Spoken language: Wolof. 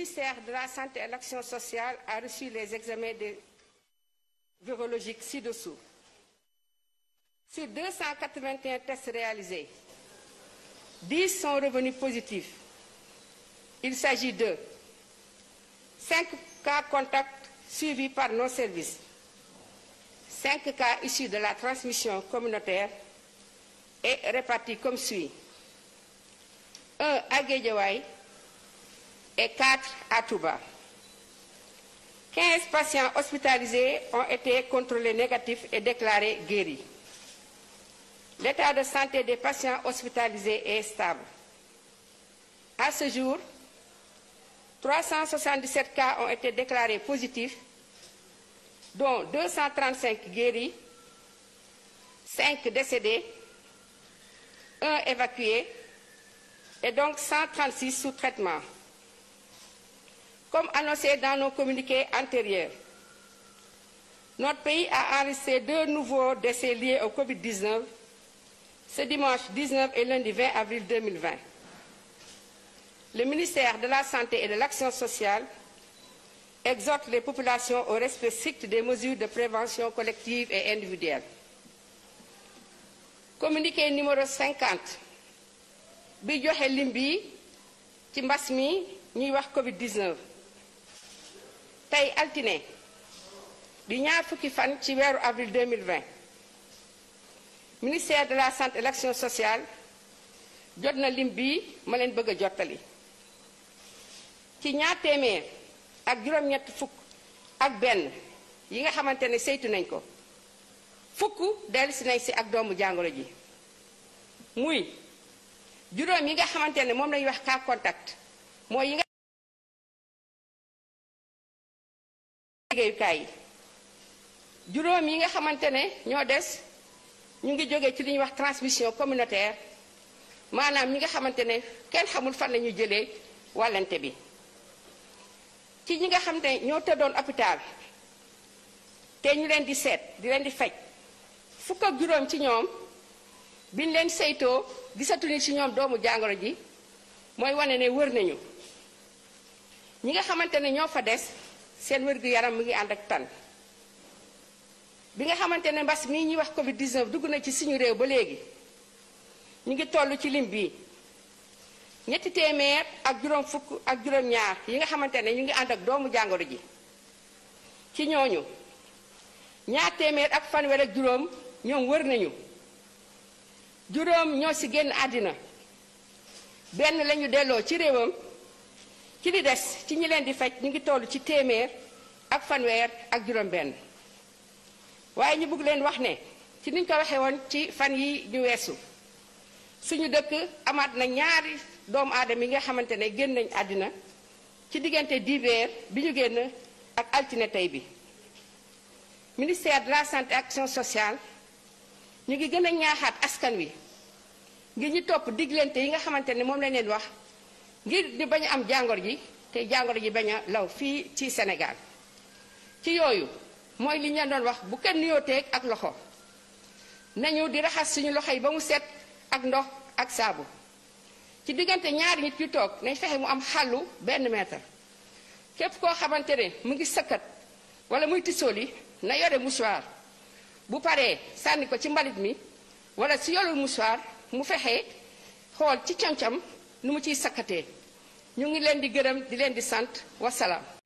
ministère de la Santé et de l'Action sociale a reçu les examens virologiques ci-dessous. Sur 281 tests réalisés, 10 sont revenus positifs. Il s'agit de 5 cas contacts suivis par nos services, 5 cas issus de la transmission communautaire et répartis comme suit. 1 et 4 à Touba. 15 patients hospitalisés ont été contrôlés négatifs et déclarés guéris. L'état de santé des patients hospitalisés est stable. À ce jour, 377 cas ont été déclarés positifs, dont 235 guéris, 5 décédés, 1 évacué et donc 136 sous traitement. Comme annoncé dans nos communiqués antérieurs, notre pays a enregistré deux nouveaux décès liés au Covid-19 ce dimanche 19 et lundi 20 avril 2020. Le ministère de la Santé et de l'Action les populations au respect strict des mesures de prévention collective et individuelle. Communiqué numéro 50 bi joxe lim bi ci mbas mi ñuy wax Covid-19 tey altine di ñaar fukki fan ci weeru avril 2020 ministère de la santé et sociale jot na lim bii ma leen bëgg a jottali ci ñaar téeméer ak juróom-ñett fukk ak benn yi nga xamante ne saytu nañ ko fukk si nañ si ak doomu jàngoro ji muy juróom yi nga xamante ne moom lañuy wax cas contact mooy yi nga liggéeyukaay yi juróom yi nga xamante ne ñoo des ñu ngi jógee ci li ñuy wax transmission communautaire maanaam ñi nga xamante ne kenn xamul fan la jëlee wàllante bi ci ñi nga xam ne ñoo tëddoon hôpital te ñu leen di seet di leen di faj fukk ak juróom ci ñoom biñ leen saytoo gisatuñu ci ñoom doomu jàngoro ji mooy wane ne wër nañu ñi nga xamante ne ñoo fa des seen wér-gu-yaram mu ngi ànd ak tan bi nga xamante ne mbas mi ñuy wax Covid 19 dugg na ci suñu réew ba léegi ñu ngi toll ci lim bi ñetti téeméer ak juróom fukk ak juróom-ñaar yi nga xamante ne ñu ngi ànd ak doomu jàngoro ji ci ñooñu ñaar téeméer ak fanweer ak juróom ñoom wër nañu juróom ñoo si génn àddina benn lañu delloo ci réewam. ci di des ci ñi leen di faj ñu ngi tollu ci téeméer ak fanweer ak juróom-benn waaye ñu bëgg leen wax ne ci niñ ko waxee woon ci fan yi ñu weesu suñu dëkk amaat na ñaari doomu aadam yi nga xamante ne génn nañ àddina ci diggante diibeer bi ñu génn ak altine tey bi ministère de la santé action sociale ñu ngi gën a ñaaxaat askan wi ngir ñu topp diglante yi nga xamante ne moom la leen wax ngir di bañ am jàngoro ji te jàngoro ji bañ a law fii ci senegaal ci yooyu mooy li ñu doon wax bu kenn nuyoo teeg ak loxo nañu di raxas suñu loxo yi ba mu set ak ndox ak saabu ci diggante ñaari nit yu toog nañ fexe mu am xàllu benn mètre képp koo xamante ne mu ngi sëkkat wala muy tisóoli na yore mouchoir bu paree sànni ko ci mbalit mi wala si yorul mouchoir mu fexe xool ci cam-cam nu mu ciy sakkatee ñu ngi leen di gërëm di leen di sant wasalaam.